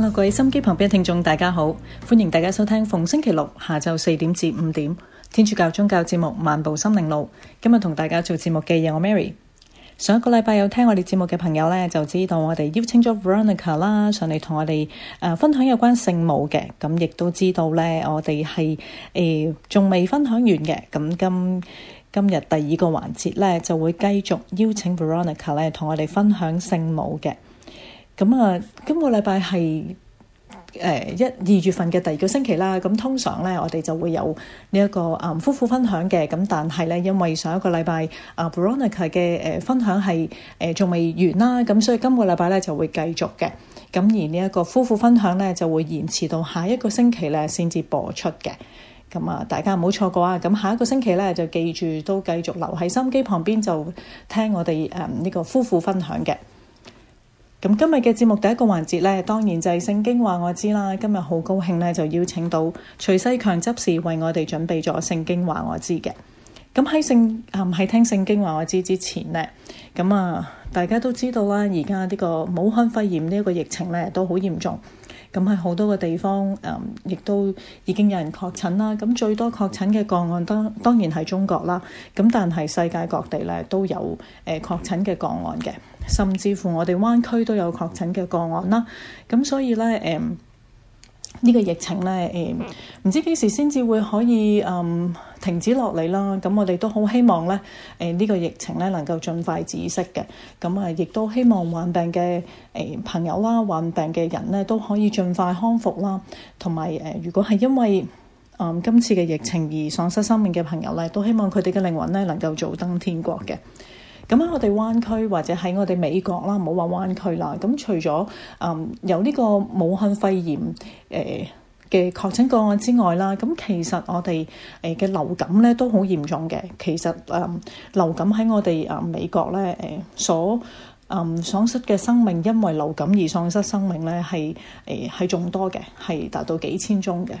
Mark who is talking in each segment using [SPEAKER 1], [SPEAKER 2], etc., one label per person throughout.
[SPEAKER 1] Hello, 各位心機旁邊嘅聽眾，大家好，歡迎大家收聽逢星期六下晝四點至五點天主教宗教節目《漫步心靈路》。今日同大家做節目嘅有，我 Mary。上一個禮拜有聽我哋節目嘅朋友咧，就知道我哋邀請咗 Veronica 啦，上嚟同我哋誒分享有關聖母嘅。咁亦都知道咧，我哋係誒仲未分享完嘅。咁今今日第二個環節咧，就會繼續邀請 Veronica 咧，同我哋分享聖母嘅。咁啊，今個禮拜係誒、呃、一二月份嘅第二個星期啦。咁通常咧，我哋就會有呢、這、一個誒、嗯、夫婦分享嘅。咁但係咧，因為上一個禮拜阿 Bronica 嘅誒分享係誒仲未完啦。咁所以今個禮拜咧就會繼續嘅。咁而呢一個夫婦分享咧就會延遲到下一個星期咧先至播出嘅。咁啊，大家唔好錯過啊！咁下一個星期咧就記住都繼續留喺心機旁邊，就聽我哋誒呢個夫婦分享嘅。咁今日嘅節目第一個環節咧，當然就係《聖經話我知》啦。今日好高興咧，就邀請到徐世強執事為我哋準備咗《聖經話我知》嘅。咁喺聖啊，喺聽《聖經話我知》之前咧，咁啊，大家都知道啦。而家呢個武漢肺炎呢一個疫情咧，都好嚴重。咁喺好多嘅地方，誒、嗯，亦都已經有人確診啦。咁最多確診嘅個案，當當然係中國啦。咁但係世界各地咧都有誒、呃、確診嘅個案嘅。甚至乎我哋灣區都有確診嘅個案啦，咁所以咧，誒嗯呢個疫情咧，誒嗯唔知幾時先至會可以誒嗯停止落嚟啦。咁我哋都好希望咧，誒嗯呢個疫情咧能夠盡快止息嘅。咁嗯啊，亦都希望患病嘅誒朋友啦、患病嘅人咧都可以盡快康復啦。同埋誒，如果係因為嗯今次嘅疫情而喪失生命嘅朋友咧，都希望佢哋嘅靈魂咧能夠早登天國嘅。咁喺我哋灣區或者喺我哋美國啦，唔好話灣區啦。咁除咗嗯有呢個武漢肺炎誒嘅確診個案之外啦，咁其實我哋誒嘅流感咧都好嚴重嘅。其實誒流感喺我哋啊美國咧誒所嗯喪失嘅生命，因為流感而喪失生命咧係誒係眾多嘅，係達到幾千宗嘅。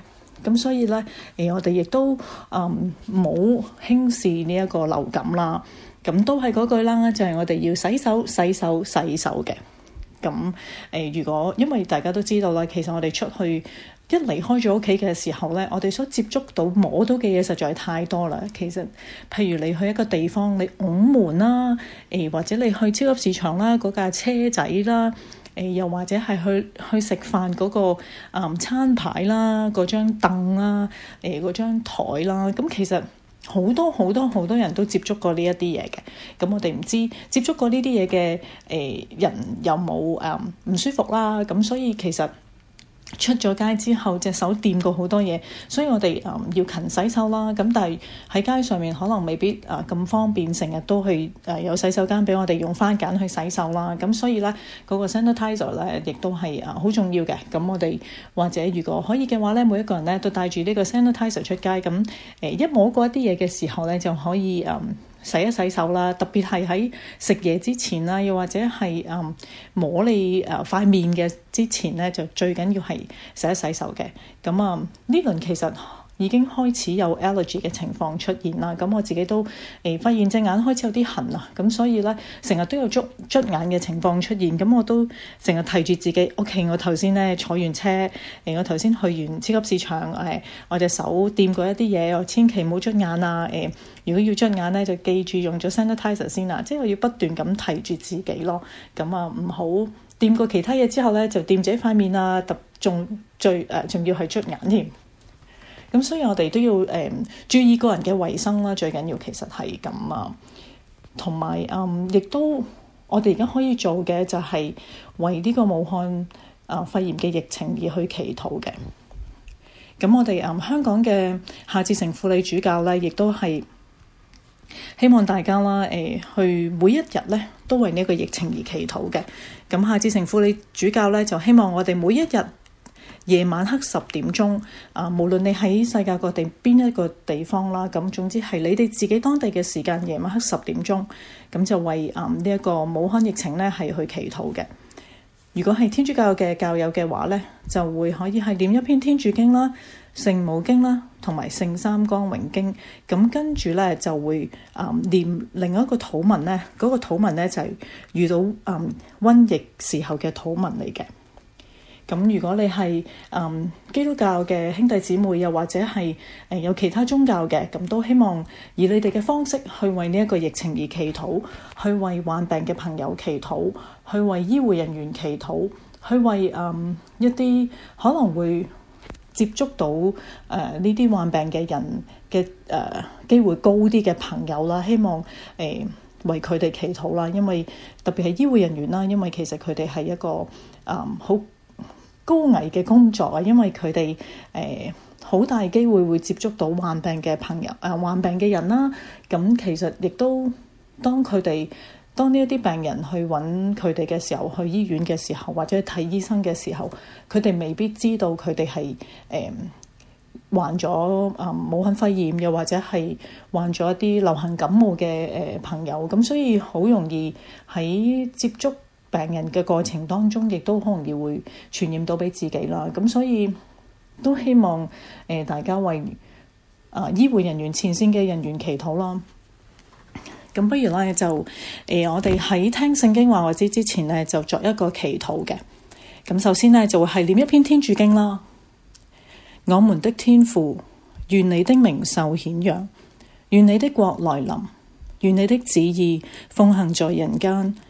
[SPEAKER 1] 咁所以咧誒我哋亦都嗯冇輕視呢一個流感啦。咁都係嗰句啦，就係、是、我哋要洗手、洗手、洗手嘅。咁誒、呃，如果因為大家都知道啦，其實我哋出去一離開咗屋企嘅時候咧，我哋所接觸到摸到嘅嘢實在係太多啦。其實，譬如你去一個地方，你五門啦，誒、呃、或者你去超級市場啦，嗰架車仔啦，誒、呃、又或者係去去食飯嗰、那個、嗯、餐牌啦、嗰張凳啦、誒、呃、嗰張台啦，咁、呃、其實。好多好多好多人都接觸過呢一啲嘢嘅，咁、嗯、我哋唔知接觸過呢啲嘢嘅誒人有冇誒唔舒服啦，咁、嗯、所以其實。出咗街之後隻手掂過好多嘢，所以我哋、嗯、要勤洗手啦。咁但係喺街上面可能未必誒咁、呃、方便，成日都去誒、呃、有洗手間畀我哋用番梘去洗手啦。咁、嗯、所以咧嗰、那個 sanitiser 咧亦都係誒好重要嘅。咁、嗯、我哋或者如果可以嘅話呢，每一個人咧都帶住呢個 sanitiser 出街，咁、嗯、誒、呃、一摸過一啲嘢嘅時候呢，就可以誒。嗯洗一洗手啦，特別係喺食嘢之前啦，又或者係誒摸你誒塊面嘅之前呢，就最緊要係洗一洗手嘅。咁啊，呢輪其實～已經開始有 allergy 嘅情況出現啦，咁我自己都誒、呃、發現隻眼開始有啲痕啦，咁所以咧成日都有捽捽眼嘅情況出現，咁我都成日提住自己，OK，我頭先咧坐完車，誒、呃、我頭先去完超級市場，誒、呃、我隻手掂過一啲嘢，我千祈唔好捽眼啊，誒、呃、如果要捽眼咧就記住用咗 sanitizer 先啦，即係我要不斷咁提住自己咯，咁啊唔好掂過其他嘢之後咧就掂呢塊面啊，突仲最誒仲要係捽眼添。咁、嗯、所以我哋都要誒、嗯、注意個人嘅衞生啦，最緊要其實係咁啊，同埋誒亦都我哋而家可以做嘅就係為呢個武漢啊肺炎嘅疫情而去祈禱嘅。咁、嗯、我哋誒、嗯、香港嘅夏志誠輔理主教咧，亦都係希望大家啦誒、嗯、去每一日咧都為呢一個疫情而祈禱嘅。咁、嗯、夏志誠輔理主教咧就希望我哋每一日，夜晚黑十點鐘，啊，無論你喺世界各地邊一個地方啦，咁總之係你哋自己當地嘅時間，夜晚黑十點鐘，咁就為啊呢一個武漢疫情咧係去祈禱嘅。如果係天主教嘅教友嘅話咧，就會可以係念一篇天主經啦、聖母經啦，同埋聖三光榮經。咁跟住咧就會啊、嗯、念另一個禱文咧，嗰、那個禱文咧就係、是、遇到啊、嗯、瘟疫時候嘅禱文嚟嘅。咁如果你係基督教嘅兄弟姊妹，又或者係有其他宗教嘅，咁都希望以你哋嘅方式去為呢一個疫情而祈禱，去為患病嘅朋友祈禱，去為醫護人員祈禱，去為一啲可能會接觸到呢啲、呃、患病嘅人嘅誒機會高啲嘅朋友啦，希望誒、呃、為佢哋祈禱啦，因為特別係醫護人員啦，因為其實佢哋係一個好，呃高危嘅工作啊，因為佢哋誒好大機會會接觸到患病嘅朋友誒、呃、患病嘅人啦。咁、嗯、其實亦都當佢哋當呢一啲病人去揾佢哋嘅時候，去醫院嘅時候，或者睇醫生嘅時候，佢哋未必知道佢哋係誒患咗啊，新冠肺炎，又、呃、或者係患咗一啲流行感冒嘅誒朋友。咁、嗯、所以好容易喺接觸病人嘅過程當中，亦都可能要會傳染到畀自己啦。咁所以都希望誒、呃、大家為啊、呃、醫護人員、前線嘅人員祈禱啦。咁不如咧就誒、呃、我哋喺聽聖經話或者之前咧就作一個祈禱嘅。咁首先咧就會係念一篇天主經啦。我們的天父，願你的名受顯揚，願你的國來臨，願你的旨意奉行在人間。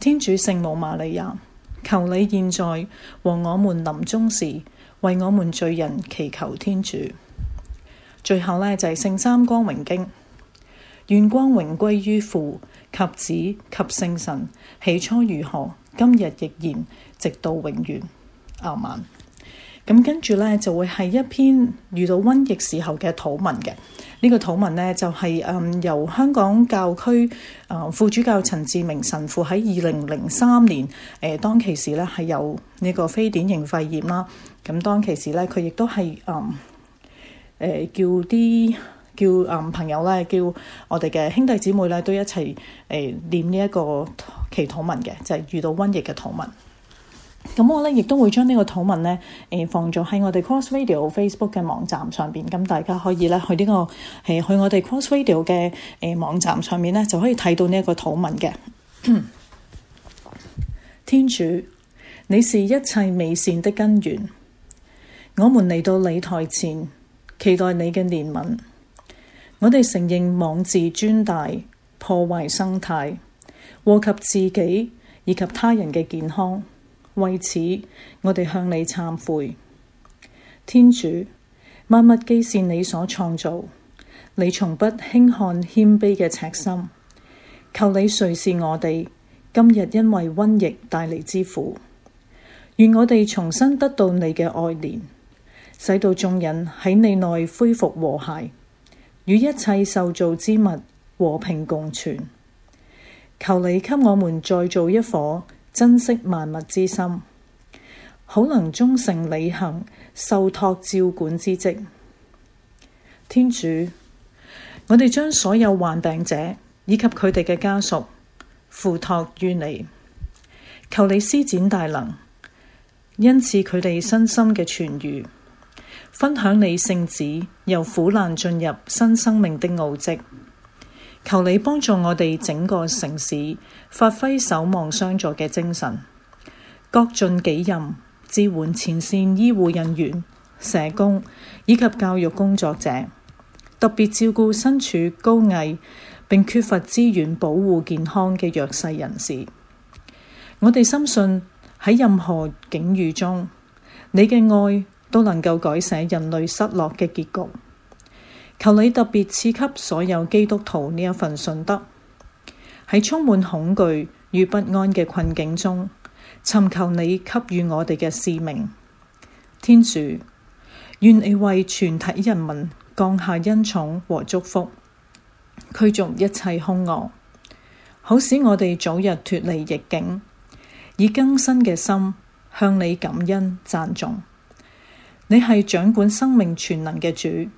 [SPEAKER 1] 天主聖母瑪利亞，求你現在和我們臨終時，為我們罪人祈求天主。最後呢，就係聖三光榮經，願光榮歸於父及子及聖神，起初如何，今日亦然，直到永遠，阿門。咁跟住咧，就會係一篇遇到瘟疫時候嘅禱文嘅。這個、禱文呢個禱文咧，就係、是、嗯、呃、由香港教區啊、呃、副主教陳志明神父喺二零零三年誒、呃、當其時咧，係有呢個非典型肺炎啦。咁、啊、當其時咧，佢亦都係嗯誒叫啲叫嗯、呃、朋友咧，叫我哋嘅兄弟姊妹咧，都一齊誒、呃、念呢一個祈禱文嘅，就係、是、遇到瘟疫嘅禱文。咁我咧亦都會將呢個討論咧誒放咗喺我哋 Cross Video Facebook 嘅網站上邊，咁、嗯、大家可以咧去呢、這個誒、呃、去我哋 Cross Video 嘅誒、呃、網站上面咧就可以睇到呢一個討論嘅。天主，你是一切美善的根源，我們嚟到你台前，期待你嘅憐憫。我哋承認妄自尊大，破壞生態，禍及自己以及他人嘅健康。為此，我哋向你懺悔，天主，萬物既是你所創造，你從不輕看謙卑嘅赤心。求你垂視我哋今日因為瘟疫帶嚟之苦，願我哋重新得到你嘅愛憐，使到眾人喺你內恢復和諧，與一切受造之物和平共存。求你給我們再造一顆。珍惜萬物之心，好能忠誠履行，受託照管之職。天主，我哋將所有患病者以及佢哋嘅家屬付託於你，求你施展大能，恩賜佢哋身心嘅痊愈，分享你聖子，由苦難進入新生命的奧迹。求你幫助我哋整個城市發揮守望相助嘅精神，各盡己任，支援前線醫護人員、社工以及教育工作者，特別照顧身處高危並缺乏資源保護健康嘅弱勢人士。我哋深信，喺任何境遇中，你嘅愛都能夠改寫人類失落嘅結局。求你特別賜給所有基督徒呢一份信德，喺充滿恐懼與不安嘅困境中，尋求你給予我哋嘅使命。天主，願你為全體人民降下恩寵和祝福，驅逐一切凶惡，好使我哋早日脫離逆境，以更新嘅心向你感恩讚頌。你係掌管生命全能嘅主。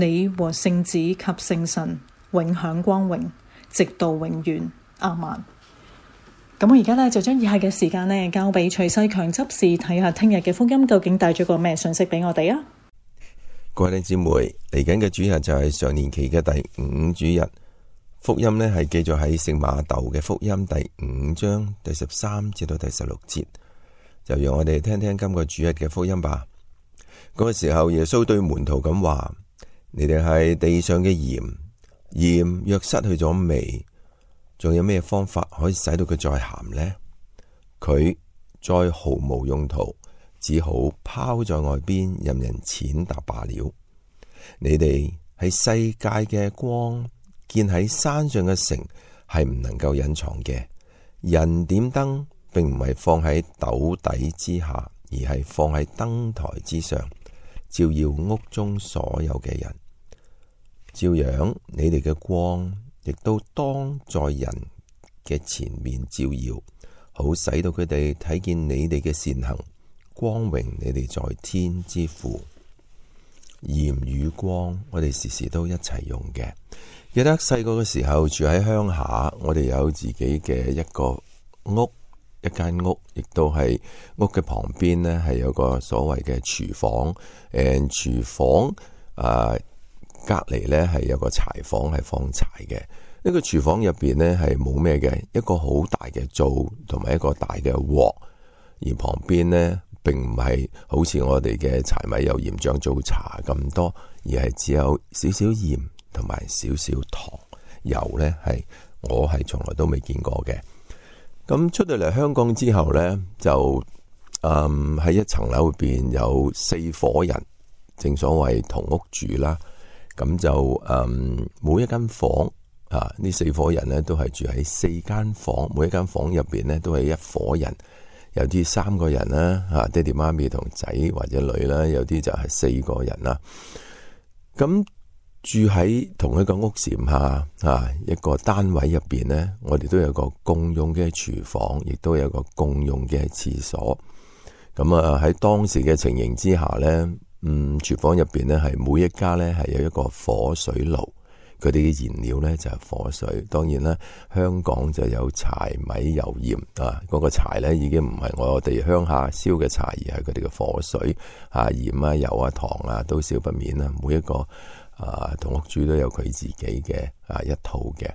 [SPEAKER 1] 你和聖子及聖神永享光榮，直到永遠。阿曼，咁我而家呢，就將以下嘅時間呢，交俾徐世強執事睇下，聽日嘅福音究竟帶咗個咩信息俾我哋啊！
[SPEAKER 2] 各位兄姊妹，嚟緊嘅主日就係上年期嘅第五主日，福音呢，係記載喺聖馬竇嘅福音第五章第十三至到第十六節，就讓我哋聽聽今個主日嘅福音吧。嗰、那個時候，耶穌對門徒咁話。你哋係地上嘅鹽，鹽若失去咗味，仲有咩方法可以使到佢再鹹呢？佢再毫無用途，只好拋在外邊，任人踐踏罷了。你哋係世界嘅光，建喺山上嘅城，係唔能夠隱藏嘅。人點燈，並唔係放喺斗底之下，而係放喺燈台之上。照耀屋中所有嘅人。照樣，你哋嘅光亦都當在人嘅前面照耀，好使到佢哋睇見你哋嘅善行，光榮你哋在天之父。鹽與光，我哋時時都一齊用嘅。記得細個嘅時候住喺鄉下，我哋有自己嘅一個屋。一間屋亦都係屋嘅旁邊呢係有個所謂嘅廚房。誒，廚房啊隔籬呢係有個柴房，係放柴嘅。呢、這個廚房入邊呢係冇咩嘅，一個好大嘅灶，同埋一個大嘅鑊。而旁邊呢並唔係好似我哋嘅柴米油鹽醬醋茶咁多，而係只有少少鹽同埋少少糖。油呢係我係從來都未見過嘅。咁出到嚟香港之後呢，就誒喺、嗯、一層樓入邊有四伙人，正所謂同屋住啦。咁就誒，每一間房啊，呢四伙人呢都係住喺四間房，每一間房入邊呢都係一伙人。有啲三個人啦，吓、啊、爹哋媽咪同仔或者女啦，有啲就係四個人啦。咁、啊。嗯住喺同一個屋檐下，啊，一個單位入邊呢，我哋都有個共用嘅廚房，亦都有個共用嘅廁所。咁啊喺當時嘅情形之下呢，嗯，廚房入邊呢，係每一家呢，係有一個火水爐，佢哋嘅燃料呢，就係火水。當然啦，香港就有柴米油鹽啊，嗰個柴呢，已經唔係我哋鄉下燒嘅柴，而係佢哋嘅火水啊，鹽啊，油啊、糖啊都少不免啦，每一個。啊，同屋主都有佢自己嘅啊一套嘅，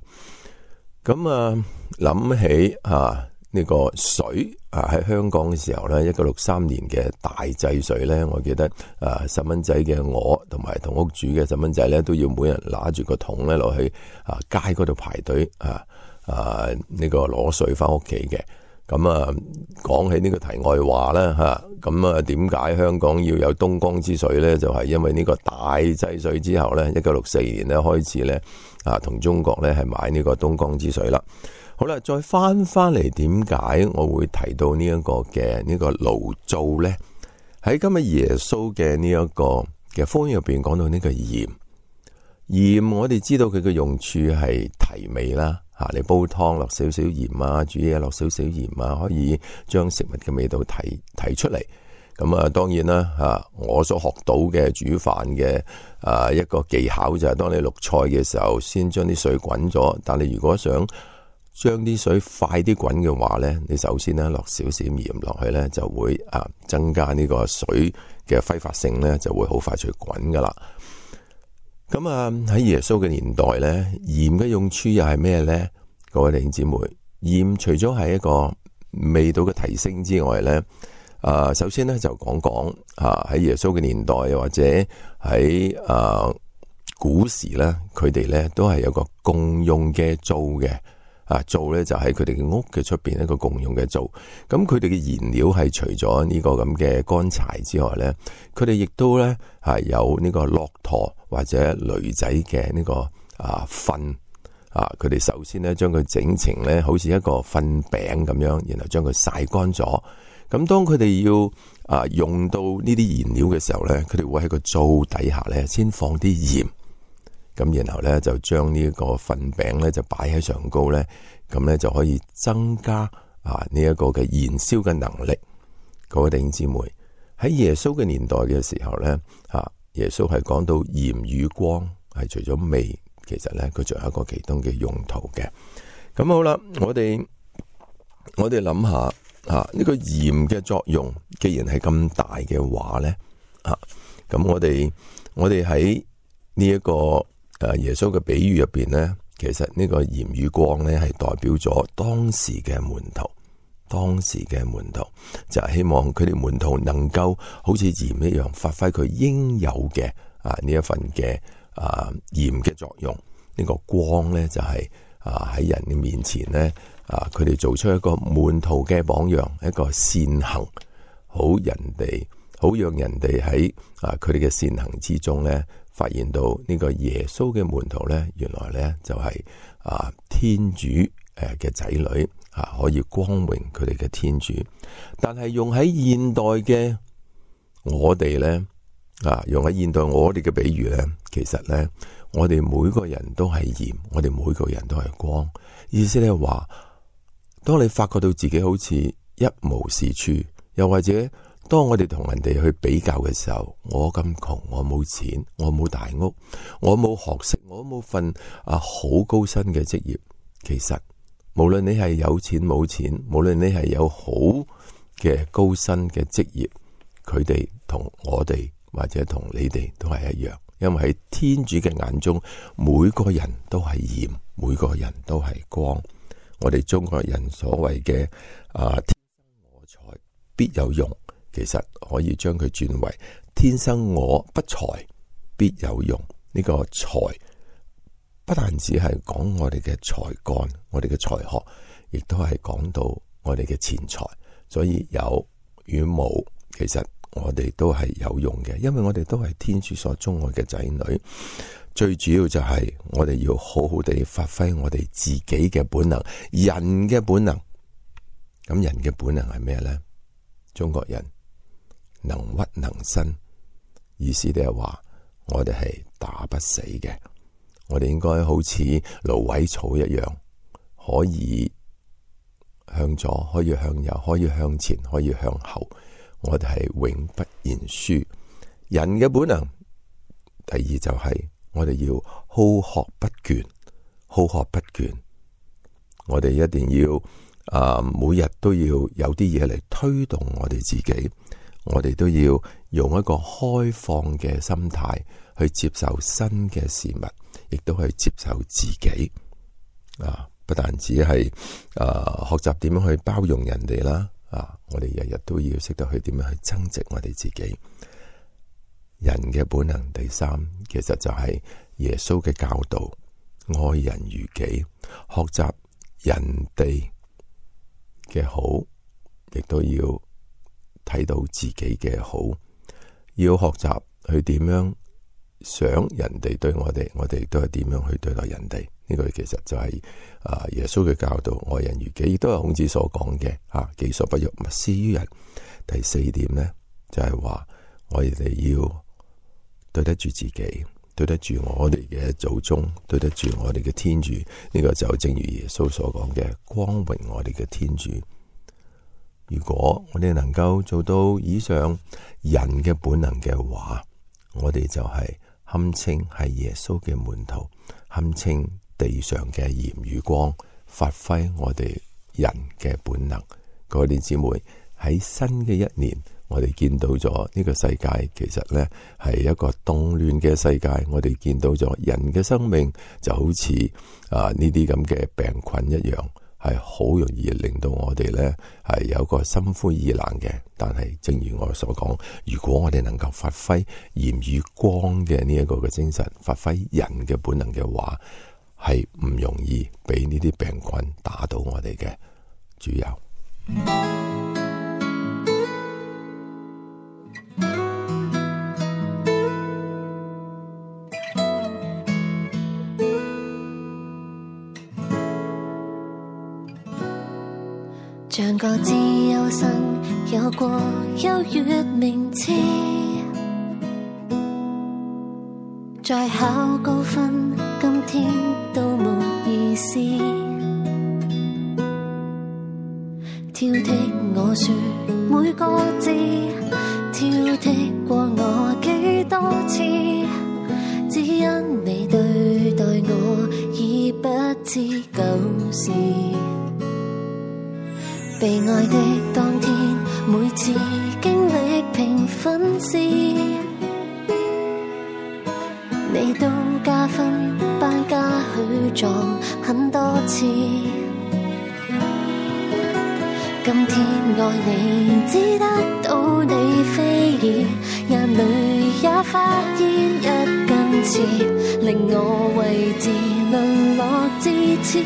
[SPEAKER 2] 咁啊諗起啊呢個水啊喺香港嘅時候咧，一九六三年嘅大制水咧，我記得啊細蚊仔嘅我同埋同屋主嘅細蚊仔咧，都要每人拿住個桶咧落去啊街嗰度排隊啊啊呢個攞水返屋企嘅。咁啊，講起呢個題外話咧，吓咁啊，點解香港要有東江之水咧？就係、是、因為呢個大制水之後咧，一九六四年咧開始咧，啊，同中國咧係買呢個東江之水啦。好啦，再翻翻嚟，點解我會提到、這個、呢一個嘅呢個爐灶咧？喺今日耶穌嘅呢一個嘅福音入邊講到呢個鹽，鹽我哋知道佢嘅用處係提味啦。你煲湯落少少鹽啊，煮嘢落少少鹽啊，可以將食物嘅味道提提出嚟。咁啊，當然啦，嚇我所學到嘅煮飯嘅啊一個技巧就係、是，當你淥菜嘅時候，先將啲水滾咗。但你如果想將啲水快啲滾嘅話呢，你首先呢落少少鹽落去呢，就會啊增加呢個水嘅揮發性呢，就會好快脆滾㗎喇。咁啊喺耶穌嘅年代咧，鹽嘅用處又係咩咧？各位弟兄姊妹，鹽除咗係一個味道嘅提升之外咧、呃，啊，首先咧就講講啊喺耶穌嘅年代又或者喺啊古時咧，佢哋咧都係有個共用嘅租嘅。啊，灶咧就喺佢哋嘅屋嘅出邊一個共用嘅灶，咁佢哋嘅燃料係除咗呢個咁嘅乾柴之外咧，佢哋亦都咧係有呢個駱駝或者驢仔嘅呢個啊糞啊，佢哋首先咧將佢整成咧好似一個糞餅咁樣，然後將佢曬乾咗。咁當佢哋要啊用到呢啲燃料嘅時候咧，佢哋會喺個灶底下咧先放啲鹽。咁，然後咧就將呢一個粉餅咧就擺喺上高咧，咁咧就可以增加啊呢一個嘅燃燒嘅能力。各位弟兄姊妹喺耶穌嘅年代嘅時候咧，啊，耶穌係講到鹽與光係除咗味，其實咧佢仲有一個其中嘅用途嘅。咁好啦，我哋我哋諗下啊，呢個鹽嘅作用既然係咁大嘅話咧，啊，咁我哋我哋喺呢一個。誒，耶穌嘅比喻入邊咧，其實呢個鹽與光咧，係代表咗當時嘅門徒，當時嘅門徒就係希望佢哋門徒能夠好似鹽一樣，發揮佢應有嘅啊呢一份嘅啊鹽嘅作用。呢個光咧就係啊喺人嘅面前咧啊，佢哋做出一個門徒嘅榜樣，一個善行，好人哋，好讓人哋喺啊佢哋嘅善行之中咧。發現到呢個耶穌嘅門徒呢，原來呢就係啊天主誒嘅仔女啊，可以光榮佢哋嘅天主。但係用喺現代嘅我哋呢，啊，用喺現代我哋嘅比喻呢，其實呢，我哋每個人都係鹽，我哋每個人都係光。意思咧話，當你發覺到自己好似一無是處，又或者，當我哋同人哋去比較嘅時候，我咁窮，我冇錢，我冇大屋，我冇學識，我冇份啊好高薪嘅職業。其實無論你係有錢冇錢，無論你係有好嘅高薪嘅職業，佢哋同我哋或者同你哋都係一樣。因為喺天主嘅眼中，每個人都係鹽，每個人都係光。我哋中國人所謂嘅啊天生我材必有用。其實可以將佢轉為天生我不才必有用。呢個才，不但只係講我哋嘅才幹、我哋嘅才學，亦都係講到我哋嘅錢財。所以有與冇，其實我哋都係有用嘅，因為我哋都係天主所鍾愛嘅仔女。最主要就係我哋要好好地發揮我哋自己嘅本能，人嘅本能。咁人嘅本能係咩呢？中國人。能屈能伸，意思就係話我哋係打不死嘅。我哋應該好似蘆葦草一樣，可以向左，可以向右，可以向前，可以向後。我哋係永不言輸。人嘅本能，第二就係我哋要好學不倦，好學不倦。我哋一定要啊，每日都要有啲嘢嚟推動我哋自己。我哋都要用一個開放嘅心態去接受新嘅事物，亦都去接受自己。啊，不但只係啊學習點樣去包容人哋啦，啊，我哋日日都要識得去點樣去增值我哋自己。人嘅本能第三，其實就係耶穌嘅教導，愛人如己，學習人哋嘅好，亦都要。睇到自己嘅好，要學習去點樣想人哋對我哋，我哋都係點樣去對待人哋。呢、這個其實就係啊耶穌嘅教導，愛人如己，亦都係孔子所講嘅啊，己所不欲，勿施於人。第四點呢，就係、是、話我哋要對得住自己，對得住我哋嘅祖宗，對得住我哋嘅天主。呢、這個就正如耶穌所講嘅，光榮我哋嘅天主。如果我哋能夠做到以上人嘅本能嘅話，我哋就係堪稱係耶穌嘅門徒，堪稱地上嘅鹽與光，發揮我哋人嘅本能。各位弟兄姊妹喺新嘅一年，我哋見到咗呢個世界其實咧係一個動亂嘅世界，我哋見到咗人嘅生命就好似啊呢啲咁嘅病菌一樣。係好容易令到我哋呢係有個心灰意冷嘅，但係正如我所講，如果我哋能夠發揮炎與光嘅呢一個嘅精神，發揮人嘅本能嘅話，係唔容易俾呢啲病菌打到我哋嘅，主要。嗯
[SPEAKER 3] 各自有生有過優越名次，再考高分今天都沒意思。挑剔我說每個字，挑剔過我幾多次，只因你對待我已不知舊事。被愛的當天，每次經歷評分時， 你都加分，班加許狀很多次。 今天愛你只得到你非議，眼淚也發現一根刺，令我位置淪落至此。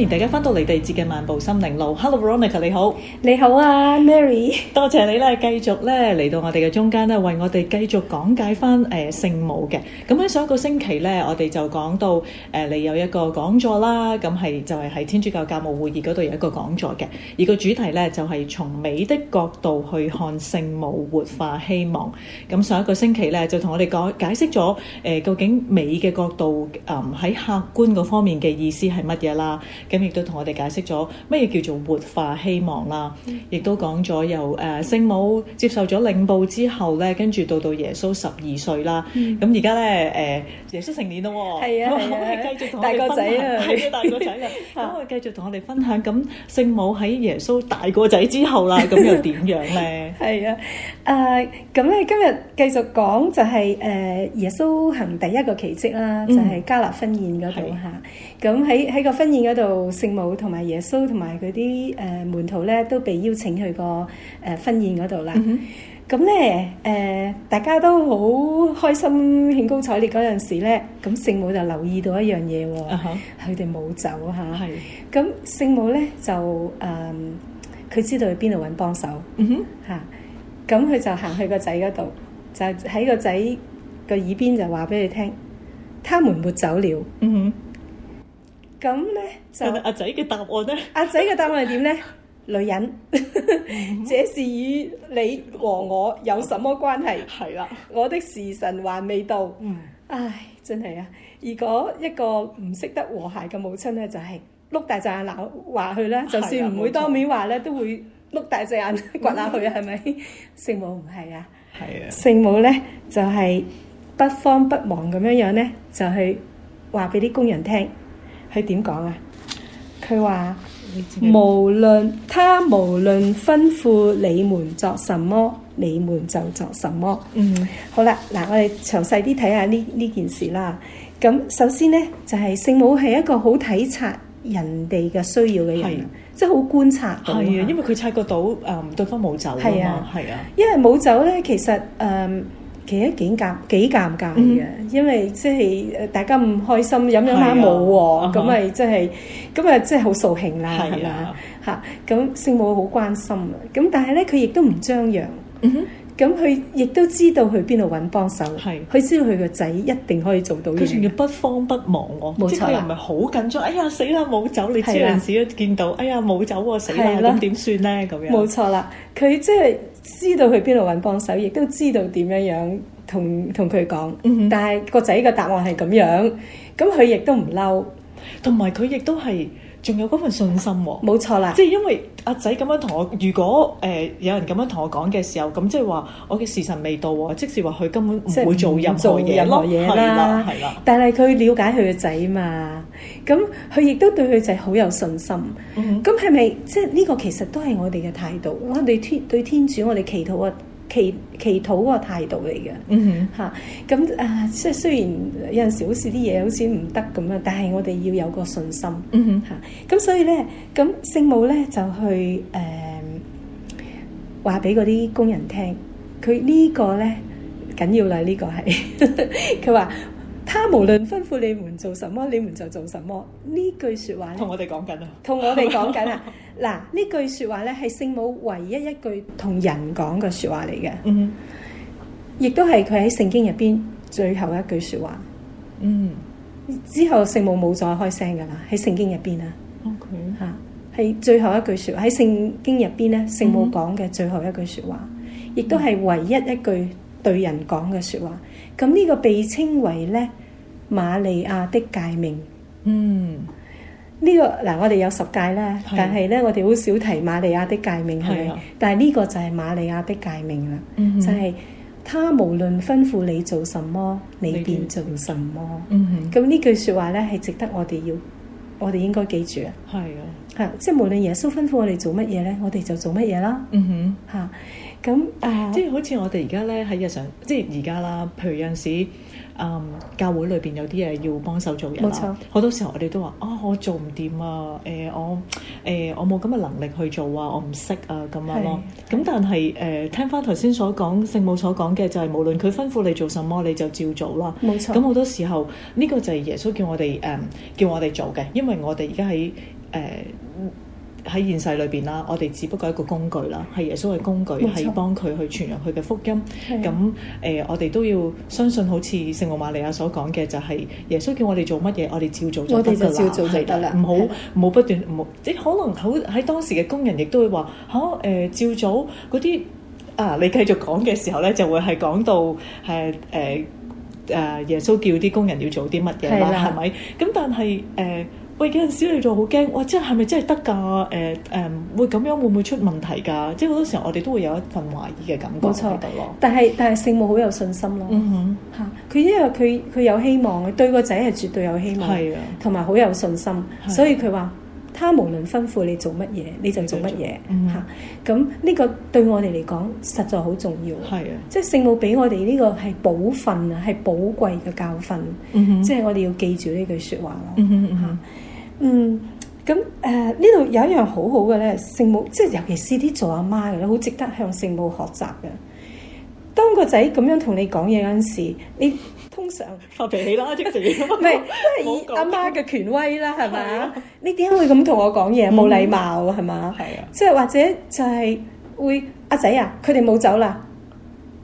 [SPEAKER 1] 歡迎大家翻到嚟地節嘅漫步心靈路。Hello Veronica，你好，你好啊，Mary。多謝你咧，繼續咧嚟到我哋嘅中間咧，為我哋繼續講解翻誒聖母嘅。咁喺上一個星期咧，我哋就講到誒嚟有一個講座啦，咁係就係喺天主教教務會議嗰度有一個講座嘅，而個主題咧就係從美的角度去看聖母活化希望。咁上一個星期咧就同我哋解解釋咗誒究竟美嘅角度誒喺客觀嗰方面嘅意思係乜嘢啦。咁亦都同我哋解釋咗乜嘢叫做活化希望啦，亦都講咗由誒聖母接受咗領報之後咧，跟住到到耶穌十二歲啦。咁而家咧誒耶穌成年咯喎，係啊，大個仔啊，係啊，大個仔啦。咁我繼續同
[SPEAKER 4] 我哋分享，咁聖母喺耶穌大
[SPEAKER 1] 個仔之後啦，咁又點樣咧？
[SPEAKER 4] 係啊。誒，咁咧今日繼續講就係誒耶穌行第一個奇蹟啦，就係迦納婚宴嗰度吓。咁喺喺個婚宴嗰度，聖母同埋耶穌同埋佢啲誒門徒咧，都被邀請去個誒婚宴嗰度啦。咁咧誒，大家都好開心，興高采烈嗰陣時咧，咁聖母就留意到一樣嘢喎。佢哋冇酒吓，咁聖母咧就誒，佢知道去邊度搵幫手吓。咁佢就行去個仔嗰度，就喺個仔個耳邊就話俾你聽，他們沒走了。嗯哼，咁咧就阿仔嘅答案咧？阿仔嘅答案係點咧？女人，這是與你和我有什麼關係？係啦，我的時辰還未到。嗯，唉，真係啊！如果一個唔識得和諧嘅母親咧，就係碌大隻鬧話佢咧，就算唔會當面話咧，都會。碌大隻眼掘下佢，係咪？聖母唔係啊，聖母咧就係不慌不忙咁樣樣咧，就去話俾啲工人聽，佢點講啊？佢話無論他無論吩咐你們作什麼，你們就作什麼。嗯，好啦，嗱我哋詳細啲睇下呢呢件事啦。咁首先咧就係聖母係一個好體察。人哋嘅需要嘅人，是即係好觀察到。係啊，因為佢察覺到誒對方冇酒啊嘛，係啊。因為冇酒咧，其實誒幾一幾尷幾尷尬嘅，嗯、因為即係誒大家唔開心，飲飲下冇喎，咁咪即係咁啊，即係好掃興啦，係嘛嚇？咁聖母好關心啊，咁但係咧，佢亦都唔張揚。嗯咁佢亦都知道去邊度揾幫手，係佢是知道佢個仔一定可以做到嘢。佢仲要不慌不忙喎、哦，即係佢又唔係好緊張。哎呀，死啦，冇走，你之前陣時都
[SPEAKER 1] 見到，啦哎呀冇走喎，死啦，咁點
[SPEAKER 4] 算咧？咁樣冇錯啦，佢即係知道去邊度揾幫手，亦都知道點樣樣同同佢講。嗯、哼但係個仔嘅答案係咁樣，咁佢亦都唔嬲，同埋佢亦都係。仲有嗰份信心喎，冇錯啦。即係
[SPEAKER 1] 因為阿仔咁樣同我，如果誒有人咁樣同我講嘅時候，咁即係話我嘅時辰未到喎，即係話佢根本唔會做任何嘢，任何嘢啦。係啦，係啦。
[SPEAKER 4] 但係佢了解佢嘅仔嘛，咁佢亦都對佢仔好有信心。咁係咪即係呢個其實都係我哋嘅態度？我哋天對天主，我哋祈禱啊！祈祈禱嗰個態度嚟嘅，嚇咁啊！雖雖然有陣時好似啲嘢好似唔得咁樣，但係我哋要有個信心，嚇咁所以咧，咁聖母咧就去誒話俾嗰啲工人聽，佢呢個咧緊要啦，呢個係佢話。他無論吩咐你們做什麼，你們就做什麼。句，呢句說話咧，同我哋講緊啊，同我哋講緊啊。嗱，呢句說話咧，係聖母唯一一句同人講嘅說話嚟嘅。嗯、mm，亦都係佢喺聖經入邊最後一句說話。嗯、mm，hmm. 之後聖母冇再開聲噶啦，喺聖經入邊啊，OK，吓係最後一句說話喺聖經入邊咧，聖母講嘅最後一句說話，亦都係唯一,一一句對人講嘅說話。咁呢個被稱為咧，瑪利亞的誡命、嗯這個，嗯，呢個嗱，我哋有十誡咧，是啊、但係咧，我哋好少提瑪利亞的誡命，係咪？是啊、但係呢個就係瑪利亞的誡命啦，嗯、哼 就係他無論吩咐你做什麼，你便的做什麼。咁、嗯、哼 呢句説話咧，係值得我哋要，我哋應該記住啊。係啊。嚇！即係無論耶穌吩咐我哋做乜嘢咧，我哋就做乜嘢啦。嗯哼、
[SPEAKER 1] 啊。嚇！咁，即係好似我哋而家咧喺日常，即係而家啦，譬如有陣時。誒、um, 教會裏邊有啲嘢要幫手做嘢啦，好錯多時候我哋都話：啊、哦，我做唔掂啊！誒、呃，我誒、呃、我冇咁嘅能力去做啊，我唔識啊咁樣咯。咁是但係誒、呃、聽翻頭先所講，聖母所講嘅就係、是、無論佢吩咐你做什麼，你就照做啦。冇錯錯。咁好多時候呢、這個就係耶穌叫我哋誒、嗯、叫我哋做嘅，因為我哋而家喺誒。呃喺現世裏邊啦，我哋只不過係一個工具啦，係耶穌嘅工具，係錯幫佢去傳揚佢嘅福音。咁誒的、呃，我哋都要相信，好似聖母瑪利亞所講嘅，就係、是、耶穌叫我哋做乜嘢，我哋照，照做就得嘅啦。唔好唔不斷唔好，即的可能好喺當時嘅工人亦都會話：嚇、哦、誒、呃、照早嗰啲啊！你繼續講嘅時候咧，就會係講到係誒誒耶穌叫啲工人要做啲乜嘢啦，係咪的？咁的但係誒。呃喂，嗰陣時你仲好驚，哇！即係咪真係得㗎？誒誒，會咁樣會唔會出問題㗎？即係好多時候，我哋都會有一份懷疑嘅
[SPEAKER 4] 感覺喺度咯。但係但係聖母好有信心咯。哼，嚇！佢因為佢佢有希望嘅，對個仔係絕對有希望，係啊，同埋好有信心，所以佢話：他無論吩咐你做乜嘢，你就做乜嘢。嚇！咁呢個對我哋嚟講，實在好重要。係啊，即係聖母俾我哋呢個係寶訓啊，係寶貴嘅教訓。即係我哋要記住呢句説話咯。嗯嗯，咁誒呢度有一樣好好嘅咧，聖母即係尤其是啲做阿媽嘅咧，好值得向聖母學習嘅。當個仔咁樣同你講嘢嗰陣時，你通常 發脾氣啦，即係唔係，即係 以阿媽嘅權威啦，係咪？吧啊、你點解會咁同我講嘢？冇禮貌係嘛？係啊，即係或者就係會阿、啊、仔啊，佢哋冇走啦。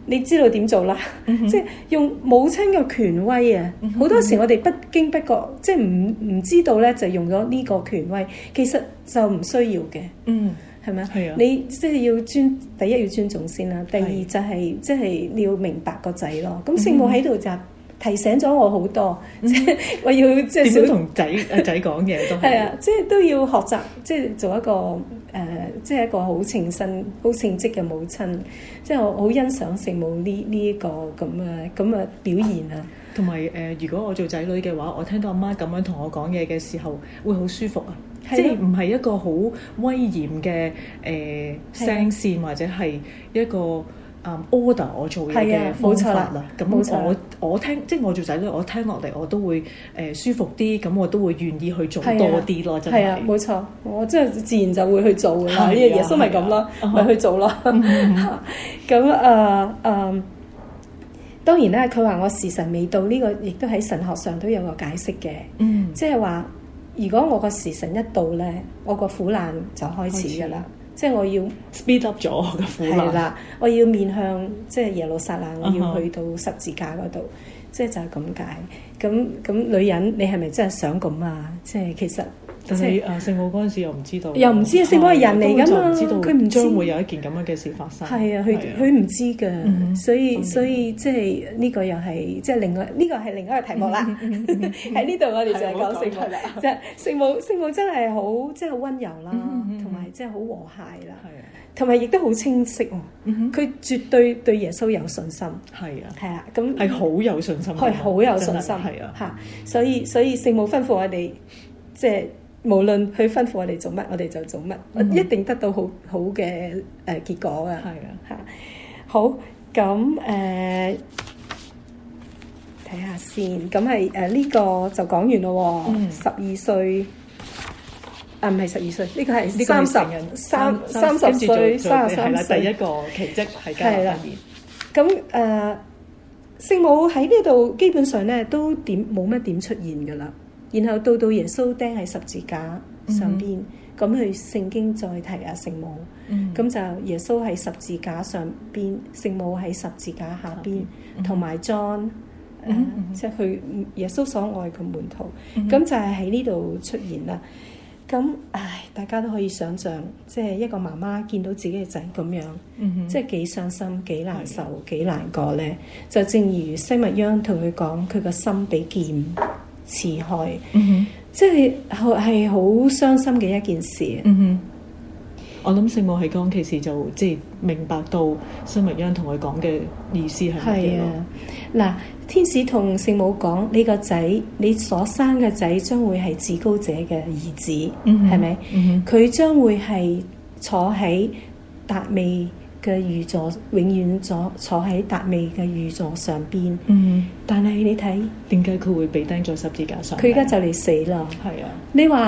[SPEAKER 4] 你知道點做啦？Mm hmm. 即係用母親嘅權威啊！好、mm hmm. 多時我哋不經不覺，即係唔唔知道呢，就用咗呢個權威，其實就唔需要嘅。嗯、mm，係咪？係啊！你即係要尊，第一要尊重先啦。第二就係、是、是即係你要明白個仔咯。咁、mm hmm. 聖母喺度就。Mm hmm. 提醒咗我好多，即係、嗯、 我要即係少同
[SPEAKER 1] 仔阿仔講嘢都係。就是、 啊，即、
[SPEAKER 4] 就、係、是、都要學習，即、就、係、是、做一個誒，即、呃、係、就是、一個好稱身、好稱職嘅母親。即、就、係、是、我好欣賞聖母呢呢一個咁嘅咁啊表現啊。同埋誒，如
[SPEAKER 1] 果我做仔女嘅話，我聽到阿媽咁樣同我講嘢嘅時候，會好舒服啊！即係唔係一個好威嚴嘅誒聲線，或者係一個。order 我做嘢嘅方法啦，咁冇錯我，我聽即係我做仔女，我聽落嚟我都會誒、呃、舒服啲，咁我都會願意去做多啲咯，真係。係啊，
[SPEAKER 4] 冇錯的、啊，我即係自然就會去做啦。係啊，呢個嘢都咪咁咯，咪去做咯。咁啊啊，嗯、uh, uh, 當然啦，佢話我時辰未到呢、這個，亦都喺神學上都有個解釋嘅。嗯。即係話，如果我個時辰一到咧，我個苦難就開始㗎啦。即係我要 speed up 咗個步伐，我要面向即係耶路撒冷，我要去到十字架嗰度，uh huh. 即係就係咁解。咁咁女人，你係咪真係想咁啊？即係其實。即係啊，聖母嗰陣時又唔知道，又唔知聖母係人嚟㗎嘛？佢唔知將會有一件咁樣嘅事發生。係啊，佢佢唔知㗎，所以所以即係呢個又係即係另外呢個係另一個題目啦。喺呢度我哋就係講聖母啦，即係聖母聖母真係好即係好溫柔啦，同埋即係好和諧啦，同埋亦都好清晰。佢絕對對耶穌有信心，係啊，係啊，咁係好有信心，係好有信心，係啊，嚇！所以所以聖母吩咐我哋即係。無論佢吩咐我哋做乜，我哋就做乜，一定得到好好嘅誒結果啊！係啊，嚇好咁誒，睇下先咁係誒，呢個就講完咯喎，十二歲啊，唔係十二歲，呢個係三十三三十歲三十三歲，係啦，
[SPEAKER 1] 第一個奇蹟係
[SPEAKER 4] 家裏面。咁誒聖母喺呢度基本上咧都點冇乜點出現㗎啦。然後到到耶穌釘喺十字架上邊，咁佢聖經再提啊聖母，咁就耶穌喺十字架上邊，聖母喺十字架下邊，同埋 John，即係佢耶穌所愛嘅門徒，咁就係喺呢度出現啦。咁唉，大家都可以想象，即係一個媽媽見到自己嘅仔咁樣，即係幾傷心、幾難受、幾難過呢？就正如西密央同佢講，佢個心比劍。辭
[SPEAKER 3] 去，
[SPEAKER 4] 慈嗯、哼即係係好傷心嘅一件事。嗯、哼我諗聖母喺剛，其時就即係明白到蘇文
[SPEAKER 1] 欣同佢講嘅意思係咩咯。
[SPEAKER 4] 嗱、嗯嗯，天使同聖母講，你個仔，你所生嘅仔，將會係至高者嘅兒子，係咪？佢將會係坐喺達味。」嘅御座，永遠坐坐喺達味嘅御座上邊。嗯，但係你睇點解佢會被釘咗十字架上？佢而家就嚟死啦。係啊，你話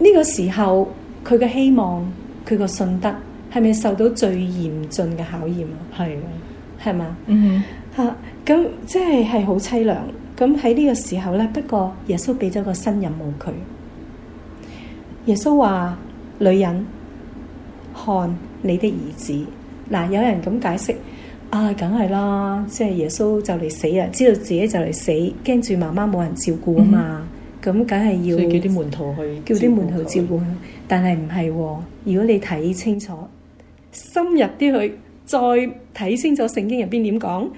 [SPEAKER 4] 呢、這個時候佢嘅希望，佢個信德係咪受到最嚴峻嘅考驗啊？係嗎、嗯、哼啊，係嘛？嗯，嚇咁即係係好凄涼。咁喺呢個時候咧，不過耶穌俾咗個新任務佢。耶穌話：女人，看你的兒子。嗱，有人咁解釋啊，梗係啦，即係耶穌就嚟死喇，知道自己就嚟死，驚住媽媽冇人照顧啊嘛，咁梗係要叫啲門徒去，叫啲門徒照顧佢。但係唔係，如果你睇清楚，深入啲去，再睇清楚聖經入邊點講，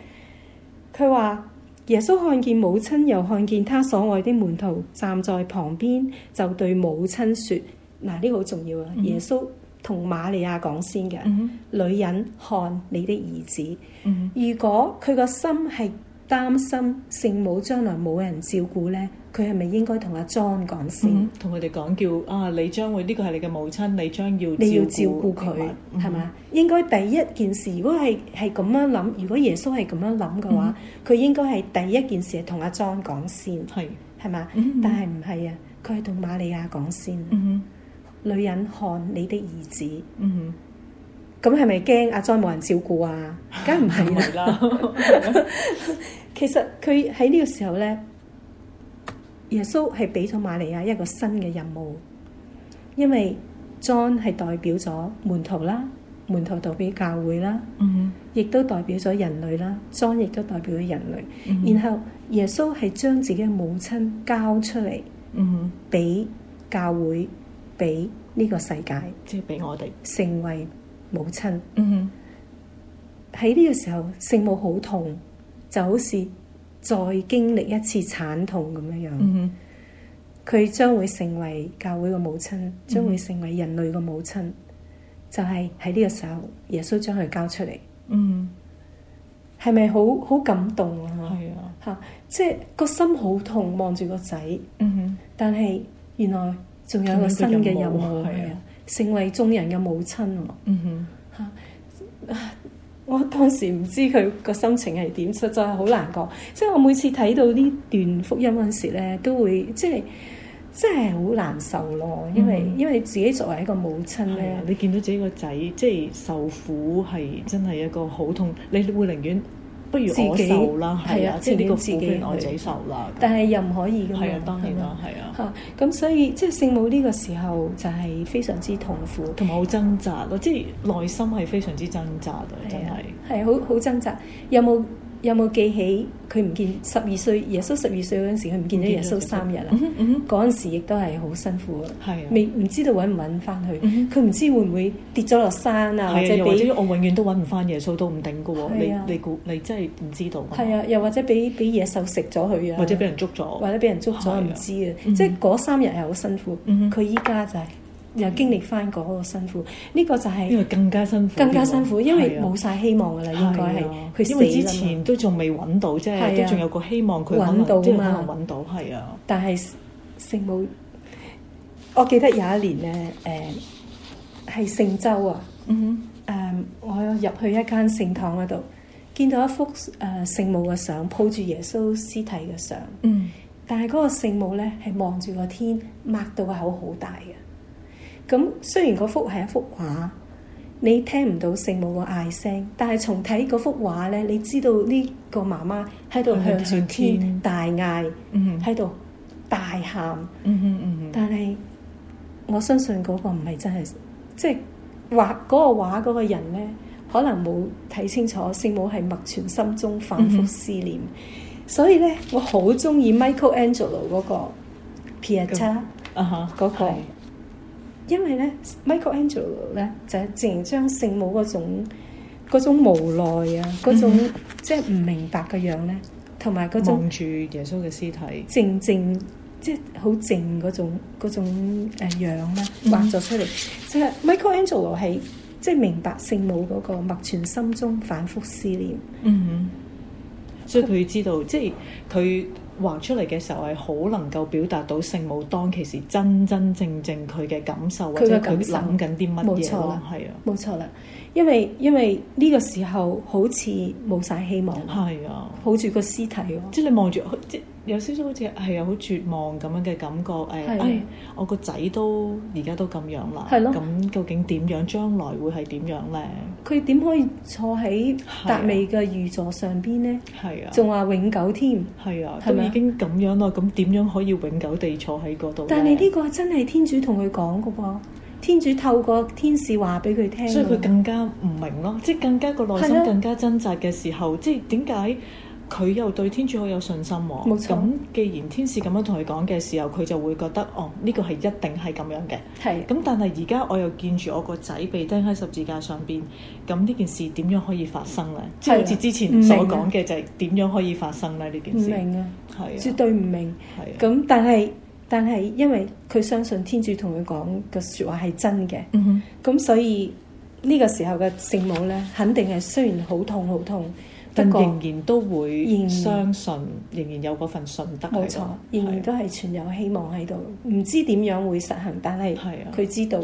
[SPEAKER 4] 佢話耶穌看見母親，又看見他所愛的門徒站在旁邊，就對母親說：嗱，呢個好重要啊，耶穌。同瑪利亞講先嘅，女人看你的兒子。如果佢個心係擔心聖母將來冇人照顧呢，佢係咪應該同阿莊講先？同佢哋講叫啊，你將會呢個係你
[SPEAKER 1] 嘅母親，你將要你要照顧佢，係嘛？
[SPEAKER 4] 應該第一件事，如果係係咁樣諗，如果耶穌係咁樣諗嘅話，佢應該係第一件事係同阿莊講先，係係嘛？但係唔係啊？佢係同瑪利亞講先。女人看你的兒子，嗯哼，咁係咪驚阿 John 冇人照顧啊？梗唔係啦， 其實佢喺呢個時候咧，耶穌係畀咗瑪利亞一個新嘅任務，因為 John 係代表咗門徒啦，門徒代表教會啦，嗯哼，亦都代表咗人類啦 John 亦都代表咗人類。嗯、哼然後耶穌係將自己嘅母親交出嚟，嗯，畀教會。俾呢個世界，即係俾我哋成為母親。喺呢、mm hmm. 個時候，聖母好痛，就好似再經歷一次慘痛咁樣樣。佢、mm hmm. 將會成為教會嘅母親，將會成為人類嘅母親。Mm hmm. 就係喺呢個時候，耶穌將佢交出嚟。嗯、mm，係咪好好感動啊？係啊、mm，吓、hmm. 即係個心好痛，望住個仔。嗯、mm hmm. 但係原來。仲有一個新嘅任務， 啊、成為眾人嘅母親。嗯哼，嚇、啊！我當時唔知佢個心情係點，實在係好難過。即、就、係、是、我每次睇到呢段福音嗰時咧，都會即係即係好難受咯。因為、嗯、哼因為自己作為一個母親咧、啊，你見到自己個仔即係受苦，係真係一個好痛，你會寧願。
[SPEAKER 1] 不如我受啦，係己啊，啊，自己自己我自己
[SPEAKER 4] 受啦。但係又唔可以嘅，係啊，當然啦，係嗎啊。嚇、啊，咁所以即係、就是、聖母呢個時候就係非常之痛苦，同埋好掙扎咯，即、就、係、是、內心係非常之掙扎嘅，啊、真係。係、啊啊、好好掙扎，有冇？有冇記起佢唔見十二歲耶穌，十二歲嗰陣時，佢唔見咗耶穌三日啊！嗰陣時亦都係好辛苦啊，係啊，未唔知道揾唔揾翻佢，佢唔知會唔會跌咗落山啊，或者我永遠都揾唔翻耶穌都唔定
[SPEAKER 1] 嘅喎。你你估你真係唔知道？係
[SPEAKER 4] 啊，又或者俾俾野獸食咗佢啊，或者俾人捉咗，或者俾人捉咗唔知啊！即係嗰三日係好辛苦，佢依家就係。又經歷翻嗰個辛苦，呢個就係因為更加辛苦，更加辛苦，因為冇曬希望噶啦，應該係佢死啦。因為之前
[SPEAKER 1] 都仲未揾到，即係都仲有個希望，佢揾到，即係可能揾到，係啊。
[SPEAKER 4] 但係聖母，我記得有一年咧，誒係聖週啊，嗯、誒，我入去一間聖堂嗰度，見到一幅誒聖母嘅相，抱住耶穌屍體嘅相，嗯，但係嗰個聖母咧係望住個天，擘到個口好大嘅。咁雖然嗰幅係一幅畫，你聽唔到聖母個嗌聲，但係從睇嗰幅畫咧，你知道呢個媽媽喺度向住天大嗌，喺度大喊。嗯嗯嗯。但係我相信嗰個唔係真係，即係畫嗰個畫嗰個人咧，可能冇睇清楚聖母係默存心中，反覆思念。所以咧，我好中意 Michael Angelo 嗰個 Pietà 啊嚇嗰個。因為咧，Michelangelo 咧就係自然將聖母嗰種嗰種無奈啊，嗰種即係唔明白嘅樣咧，同埋嗰種望住耶穌嘅屍體，靜靜即係好靜嗰種嗰種樣咧，畫咗出嚟，即係、嗯、哼 Michelangelo 係即係、就是、明白聖母嗰個默存心中反覆思念。嗯，所以佢知道，即係佢。畫出嚟嘅
[SPEAKER 1] 時候係好能夠表達到聖母當其時真真正正佢嘅感受，感受或者佢諗緊啲乜嘢咯，係
[SPEAKER 4] 錯啊，冇錯啦，因為因為呢個時候好似冇晒希望，係啊，抱住個屍體喎，啊，即係你望住。有少少
[SPEAKER 1] 好似係又好絕望咁樣嘅感覺，誒、哎的啊，我個仔都而家都咁樣啦，咁的究竟點樣將來會係點樣咧？
[SPEAKER 4] 佢點可以坐喺達味嘅御座上邊咧？係啊的，仲話永久添，係啊的，的都已經
[SPEAKER 1] 咁樣啦，咁點樣可以永久地坐喺嗰度？但係
[SPEAKER 4] 呢個真係天主同佢講嘅喎，天主透過天使話俾佢聽，所以佢更加唔明咯，即係的更加個內心更加
[SPEAKER 1] 掙扎嘅時候，即係點解？的的佢又對天主好有信心喎、哦，咁錯既然天使咁樣同佢講嘅時候，佢就會覺得哦，呢、呢個係一定係咁樣嘅。係的。咁但係而家我又見住我個仔被釘喺十字架上邊，咁呢件事點樣可以發生呢？即係好似之前所講嘅，就係點樣可以發生呢？呢件事？唔明啊，的絕
[SPEAKER 4] 對唔明。係的。咁但係但係，因為佢相信天主同佢講嘅説話係真嘅。嗯哼。咁哼所以呢個時候嘅聖母呢，肯定係雖然好痛好痛。仍然都會相信，仍然有嗰份信德。冇錯，仍然都係存有希望喺度，唔知點樣會實行，但係佢知道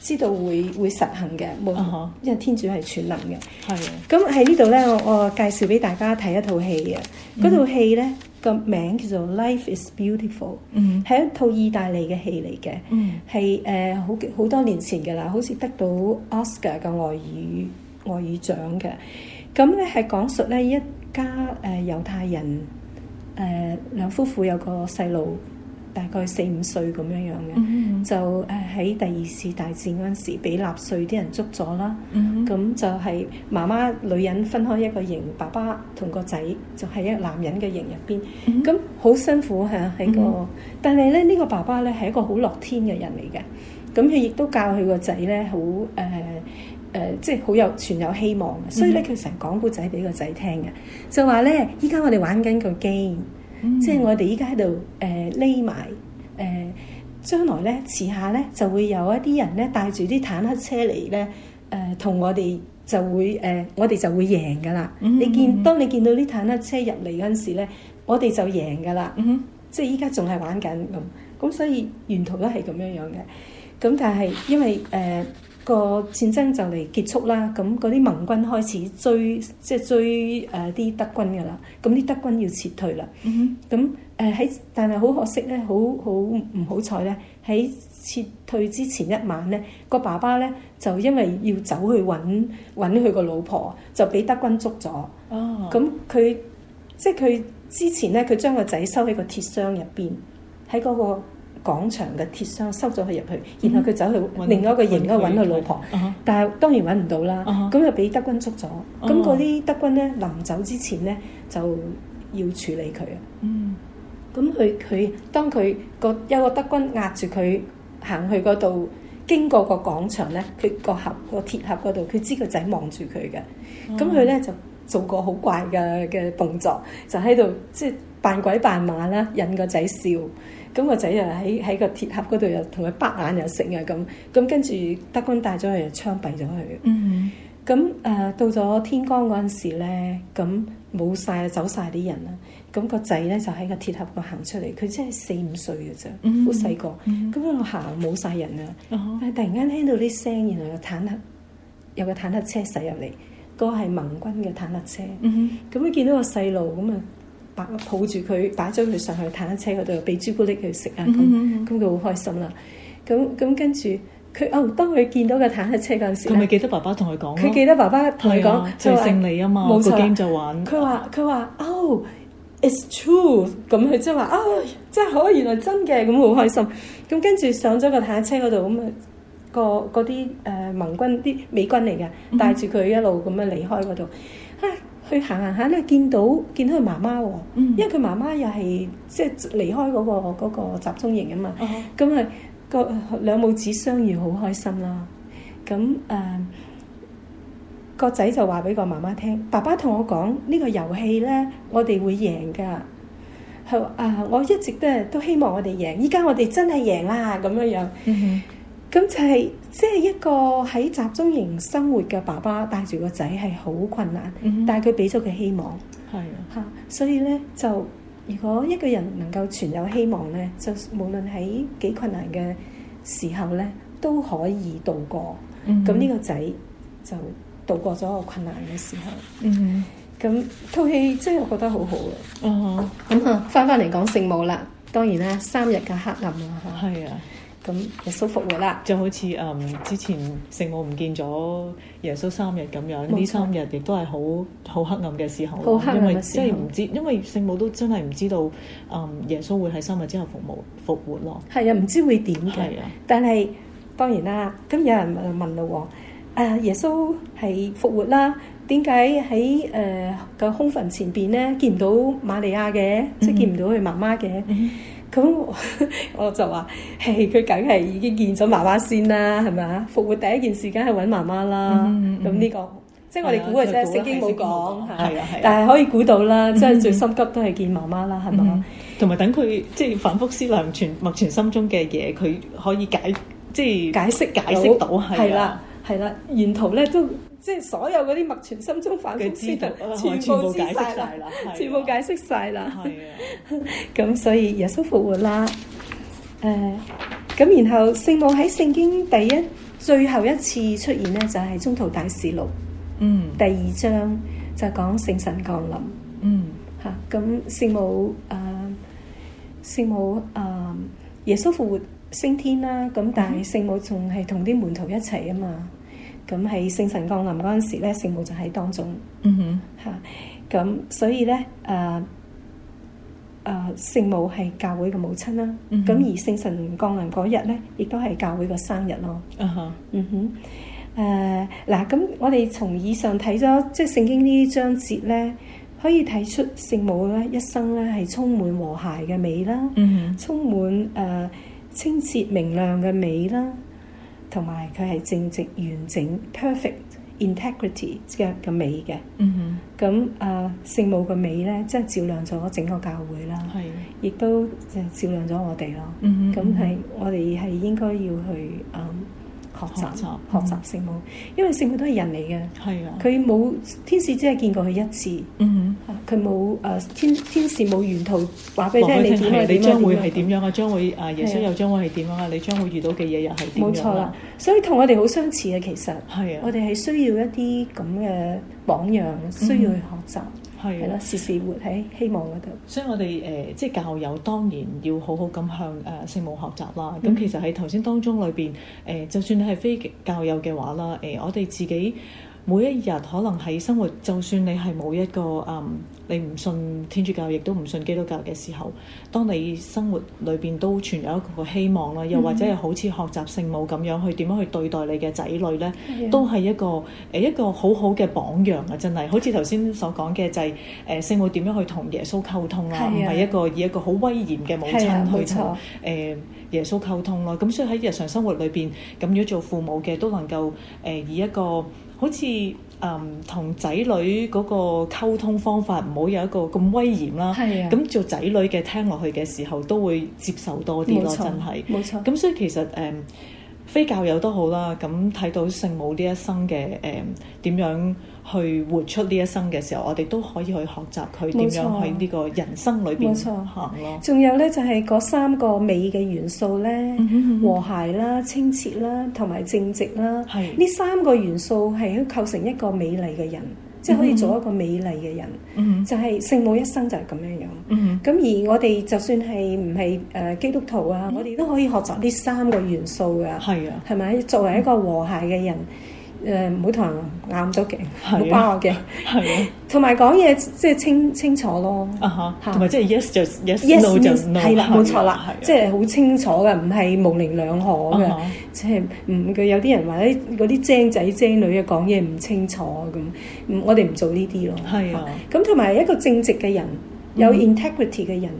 [SPEAKER 4] 知道會會實行嘅，冇嚇，因為天主係全能嘅。係啊，咁喺呢度咧，我介紹俾大家睇一套戲啊。嗰套戲咧，個名叫做《Life Is Beautiful》。嗯，係一套意大利嘅戲嚟嘅。嗯，係誒好好多年前㗎喇，好似得到 Oscar 嘅外語外語獎嘅。咁咧係講述咧一家誒、呃、猶太人誒兩、呃、夫婦有個細路，大概四五歲咁樣樣嘅，mm hmm. 就誒喺、呃、第二次大戰嗰陣時，俾納粹啲人捉咗啦。咁、mm hmm. 就係媽媽女人分開一個營，爸爸同個仔就喺一個男人嘅營入邊。咁好、mm hmm. 辛苦嚇喺、啊、個，mm hmm. 但係咧呢、呢個爸爸咧係一個好樂天嘅人嚟嘅。咁佢亦都教佢個仔咧好誒。誒、呃，即係好有存有希望嘅，所以咧佢成日講古仔俾個仔聽嘅，就話咧，依家我哋玩緊個 game，、嗯、哼即係我哋依家喺度誒匿埋，誒、呃呃、將來咧遲下咧就會有一啲人咧帶住啲坦克車嚟咧，誒、呃、同我哋就會誒、呃，我哋就會贏噶啦。嗯、哼你見當你見到啲坦克車入嚟嗰陣時咧，我哋就贏噶啦，嗯、哼即係依家仲係玩緊咁，咁所以沿途都係咁樣樣嘅，咁但係因為誒。呃呃呃個戰爭就嚟結束啦，咁嗰啲盟軍開始追，即係追誒啲、呃、德軍㗎啦。咁啲德軍要撤退啦。咁誒喺，但係好可惜咧，好好唔好彩咧，喺撤退之前一晚咧，個爸爸咧就因為要走去揾揾佢個老婆，就俾德軍捉咗。哦、oh.，咁佢即係佢之前咧，佢將個仔收喺個鐵箱入邊，喺嗰、嗰個。廣場嘅鐵箱收咗佢入去，然後佢走去另外一個營嗰度揾個老婆，啊、但係當然揾唔到啦。咁、啊、哈是就俾德軍捉咗。咁嗰啲德軍咧臨走之前咧，就要處理佢啊。嗯，咁佢佢當佢個有個德軍壓住佢行去嗰度，經過個廣場咧，佢個盒個鐵盒嗰度，佢知個仔望住佢嘅，咁佢咧就做個好怪嘅嘅動作，就喺度即係扮鬼扮馬啦，引個仔笑。咁個仔啊喺喺個鐵盒嗰度又同佢擘眼又醒啊咁，咁跟住德軍帶咗佢，嚟槍斃咗佢。嗯，咁、呃、誒到咗天光嗰陣時咧，咁冇晒，走晒啲人啦。咁個仔咧就喺個鐵盒度行出嚟，佢真係四五歲嘅啫，好細、嗯、哼個。咁佢行冇晒人啦，嗯、哼但係突然間聽到啲聲，然後有坦克，有個坦克車駛入嚟，嗰、那、係、個、盟軍嘅坦克車。嗯咁哼佢見到個細路咁啊～抱住佢，擺咗佢上去坦克車嗰度，俾朱古力佢食啊！咁咁佢好開心啦。咁咁跟住佢哦，當佢見到個坦克車嗰陣時，佢咪
[SPEAKER 1] 記得爸爸同佢講。佢記得
[SPEAKER 4] 爸爸同佢講就係、是、勝利啊嘛，個 game 說錯就玩。佢話佢話 oh it's true，咁佢即係話啊，即係好，oh, 原來真嘅，咁好開心。咁跟住上咗個坦克車嗰度，咁、那、啊個嗰啲誒盟軍啲美軍嚟嘅，嗯、哼帶住佢一路咁樣離開嗰度。佢行行下咧，見到見到佢媽媽喎，因為佢媽媽又係即係離開嗰個嗰個集中營啊嘛，咁啊個兩母子相遇好開心啦，咁誒個仔就話俾個媽媽聽，爸爸同我講呢個遊戲咧，我哋會贏噶，係啊，我一直都係都希望我哋贏，依家我哋真係贏啦，咁樣樣。咁就係即係一個喺集中營生活嘅爸爸帶住個仔係好困難，嗯、哼但係佢俾咗佢希望，係的啊，所以咧就如果一個人能夠存有希望咧，就無論喺幾困難嘅時候咧，都可以度過。咁呢、嗯、哼個仔就度過咗個困難嘅時候。嗯哼，咁套、啊那個、戲真係我覺得好好、啊、嘅。哦，咁、嗯、啊，翻翻嚟講聖母啦，當然啦，三日嘅黑暗啊，係啊。咁耶穌復活啦！就好似誒
[SPEAKER 1] 之前聖母唔見咗耶穌三日咁樣，呢三日亦都係好好黑暗嘅時候，因為即係唔知，因為聖母都真係唔知道誒耶穌會
[SPEAKER 4] 喺三日之後復活，復活咯。係啊，唔知會點嘅。係啊，但係當然啦。咁有人問啦喎，誒耶穌係復活啦，點解喺誒個空墳前邊咧見唔到瑪利亞嘅，即係見唔到佢媽媽嘅？咁我就話，誒，佢梗係已經見咗媽媽先啦，係咪啊？復活第一件事梗係揾媽媽啦。咁呢個，即係我哋估嘅啫。聖經冇講，係啊，但係可以估到啦。即係最心急都係見媽媽啦，係咪啊？同埋等佢
[SPEAKER 1] 即係反覆思量，存默存心中嘅嘢，佢可以解，即係解釋解釋到係啦，
[SPEAKER 4] 係啦，沿途咧都。即係所有嗰啲默存心中反覆思慮，全部，全部解釋晒啦，全部解釋晒啦。咁、啊、 所以耶穌復活啦，誒、呃，咁然後聖母喺聖經第一最後一次出現咧，就係、是、宗徒大事錄，嗯，第二章就講聖神降臨，嗯，吓咁聖母誒，聖、呃、母誒、呃，耶穌復活升天啦，咁、啊、但係聖母仲係同啲門徒一齊啊嘛。咁喺聖神降臨嗰陣時咧，聖母就喺當中，吓，咁所以咧，誒，誒，聖母係教會嘅母親啦，咁而聖神降臨嗰日咧，亦都係教會嘅生日咯，啊哈，嗯哼，誒，嗱，咁我哋從以上睇咗即係聖經呢章節咧，可以睇出聖母咧一生咧係充滿和諧嘅美啦，充滿誒清澈明亮嘅美啦。同埋佢係正直完整 perfect integrity 嘅嘅美嘅，咁啊、嗯哼呃、聖母嘅美咧，即係照亮咗整個教會啦，亦的都照亮咗我哋咯。咁係我哋係應該要去啊，嗯學習學習聖母，因為聖母都係人嚟嘅，佢冇天使，只係見過佢一次，佢冇誒天天使冇沿途話俾你聽你將會係點
[SPEAKER 1] 樣啊？將會誒耶穌又將會係點樣啊？你將會遇到嘅嘢又係點樣？冇錯啦，
[SPEAKER 4] 所以同我哋好相似嘅其實，我哋係需要一啲咁嘅榜樣，需要去學習。係啦，時時活喺希望嗰度。
[SPEAKER 1] 所以我哋誒，即、呃、係、就是、教友當然要好好咁向誒聖、呃、母學習啦。咁其實喺頭先當中裏邊誒，就算你係非教友嘅話啦，誒、呃，我哋自己。每一日可能喺生活，就算你係冇一個，誒、嗯，你唔信天主教亦都唔信基督教嘅時候，當你生活裏邊都存有一個希望啦，又或者係好似學習聖母咁樣去點樣去對待你嘅仔女咧，嗯、都係一個誒一個好好嘅榜樣啊！真係好似頭先所講嘅就係、是、誒聖母點樣去同耶穌溝通啦、啊，唔係、啊、一個以一個好威嚴嘅母親去同、啊、耶穌溝通咯、啊。咁所以喺日常生活裏邊咁樣做父母嘅都能夠誒、呃、以一個。好似誒同仔女嗰個溝通方法，唔好有一個咁威嚴啦。係啊的，咁做仔女嘅聽落去嘅時候，都會接受多啲咯，真係。冇錯，咁的錯所以其實誒、嗯，非教友都好啦。咁睇到聖母呢一生嘅誒點樣去活出呢一生嘅時候，我哋都可以去學習，佢點樣喺呢個人生裏邊。冇錯，嚇。
[SPEAKER 4] 仲有呢，就係、是、嗰三個美嘅元素呢，嗯、哼哼和諧啦、清澈啦、同埋正直啦。係是。呢三個元素係構成一個美麗嘅人，嗯、哼即係可以做一個美麗嘅人。嗯、哼就係聖母一生就係咁樣樣。咁、嗯、哼而我哋就算係唔係誒基督徒啊，嗯、哼我哋都可以學習呢三個元素㗎。係啊吧。係咪作為一個和諧嘅人？唔好同人拗咗嘅，唔好包我嘅，係啊，同埋講嘢即係清清楚咯，嚇嚇，同埋
[SPEAKER 1] 即係 yes 就 yes，no 就 no，係啦，冇錯啦，
[SPEAKER 4] 即係好清楚嘅，唔係模棱兩可嘅，即係唔佢有啲人話啲嗰啲精仔精女嘅講嘢唔清楚咁，我哋唔做呢啲咯，係啊，咁同埋一個正直嘅人，有 integrity 嘅人。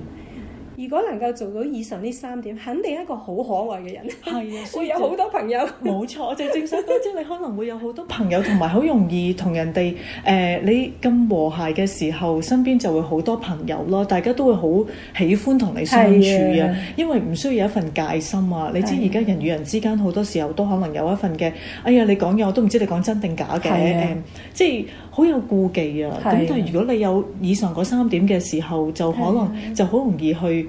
[SPEAKER 4] 如果能夠做到以上呢三點，肯定一個好可愛嘅人，啊的， 會有好多朋友。 冇錯，
[SPEAKER 1] 就正所謂，即係你可能會有好多朋友，同埋好容易同人哋誒、呃，你咁和諧嘅時候，身邊就會好多朋友咯。大家都會好喜歡同你相處啊，的因為唔需要有一份戒心啊。的你知而家人與人之間好多時候都可能有一份嘅，的哎呀，你講嘢我都唔知你講真定假嘅的、呃，即係好有顧忌啊。咁的但係如果你有以上嗰三點嘅時候，就可能就好容易去。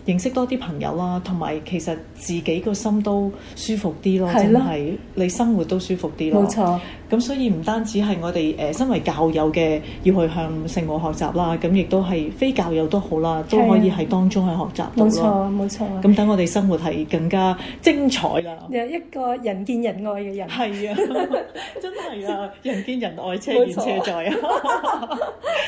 [SPEAKER 1] 認識多啲朋友啦，同埋其實自己個心都舒服啲咯，的真係你生活都舒服啲咯。冇錯。咁所以唔單止係我哋誒身為教友嘅，要去向聖母學習啦，咁亦都係非教友都好啦，都可以喺當中去學習到冇的錯，
[SPEAKER 4] 冇錯。咁等
[SPEAKER 1] 我哋生活係更加精彩啦！有
[SPEAKER 4] 一個人見人愛嘅人。係 啊，真係啊，人見人愛，車見車載啊！
[SPEAKER 1] 沒錯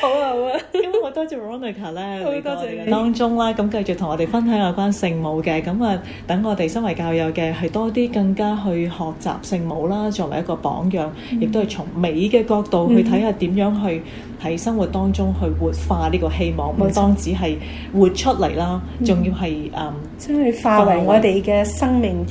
[SPEAKER 1] 好啊，好啊，咁我多謝 Ronica 咧，喺 當中啦，咁 繼續同我哋。分享有關聖母嘅，咁啊，等我哋身為教友嘅，係多啲更加去學習聖母啦，作為一個榜樣，亦都係從美嘅角度去睇下點樣去喺生活當中去活化呢個希望，唔單止係活出嚟啦，仲要係誒、嗯、將
[SPEAKER 4] 佢化為我哋嘅生命，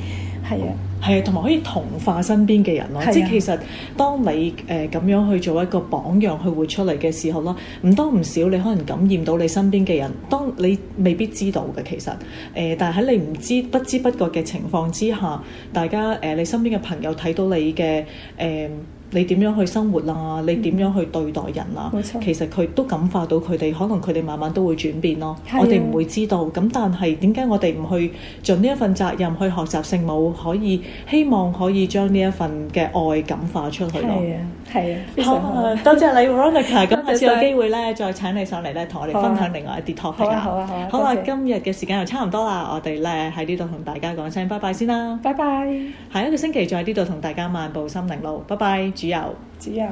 [SPEAKER 4] 係啊、嗯。
[SPEAKER 1] 係，同埋可以同化身邊嘅人咯，啊、即係其實當你誒咁、呃、樣去做一個榜樣去活出嚟嘅時候咯，唔多唔少你可能感染到你身邊嘅人，當你未必知道嘅，其實，誒、呃、但係喺你唔知不知不覺嘅情況之下，大家誒、呃、你身邊嘅朋友睇到你嘅，誒、呃你點樣去生活啦？你點樣去對待人啦？其實佢都感化到佢哋，可能佢哋慢慢都會轉變咯。我哋唔會知道。咁但係點解我哋唔去盡呢一份責任去學習聖母，可以希望可以將呢一份嘅愛感化出去咯。係啊，多謝你，Veronica。咁下次有機會咧，再請你上嚟咧，同我哋分享另外一啲 topic 啊。好啊，今日嘅時間又差唔多啦。我哋咧喺呢度同大家講聲拜拜先啦。拜拜。下一個星期再喺呢度同大家漫步心靈路。拜拜。只要，
[SPEAKER 4] 只要。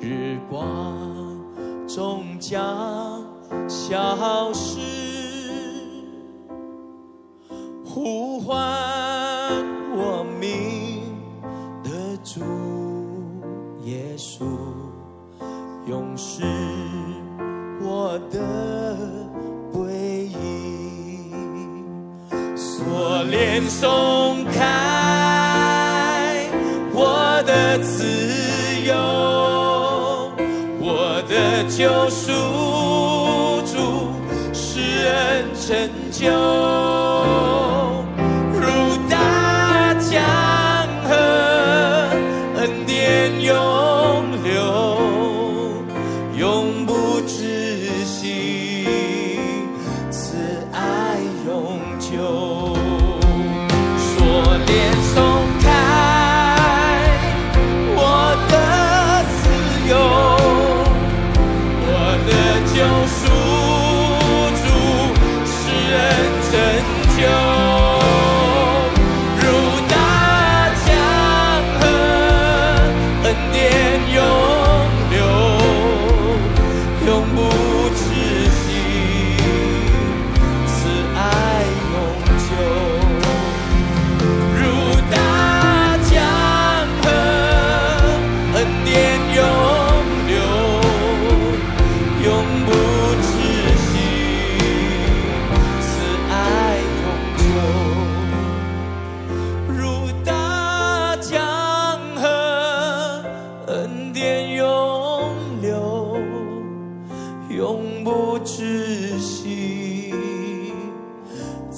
[SPEAKER 5] 日光終將消失，呼喚我名的主耶穌，永是我的歸依。所念誦。輔助使人成就。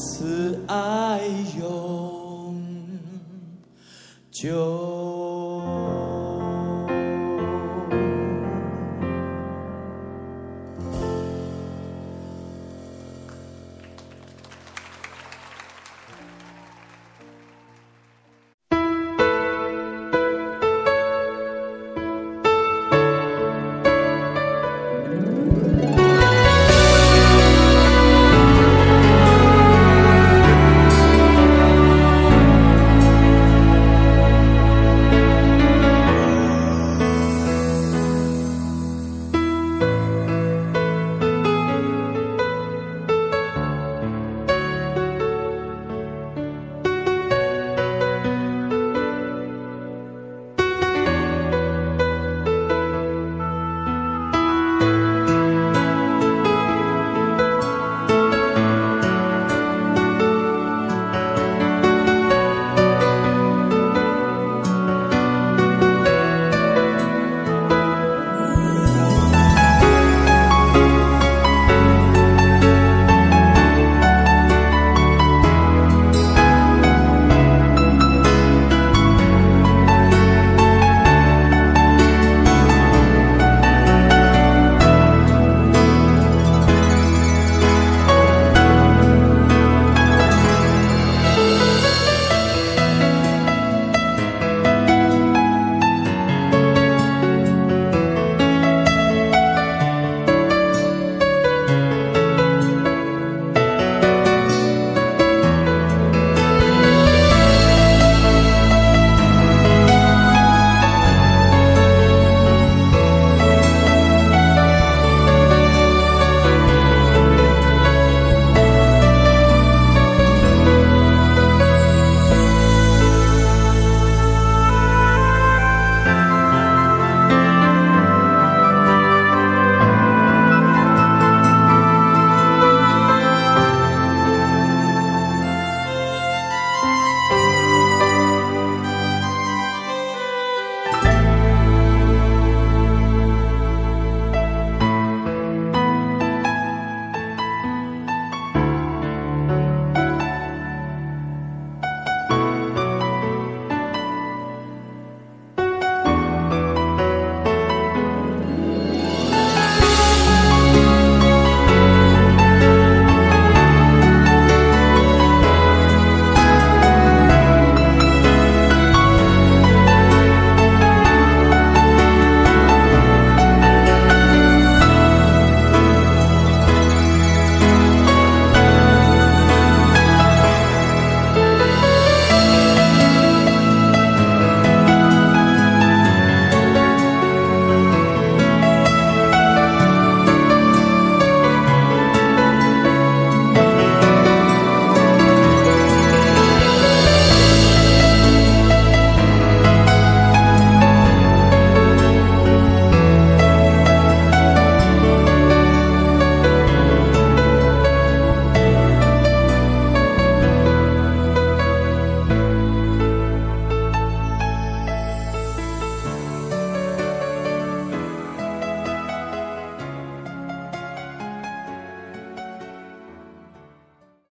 [SPEAKER 5] 此愛永久。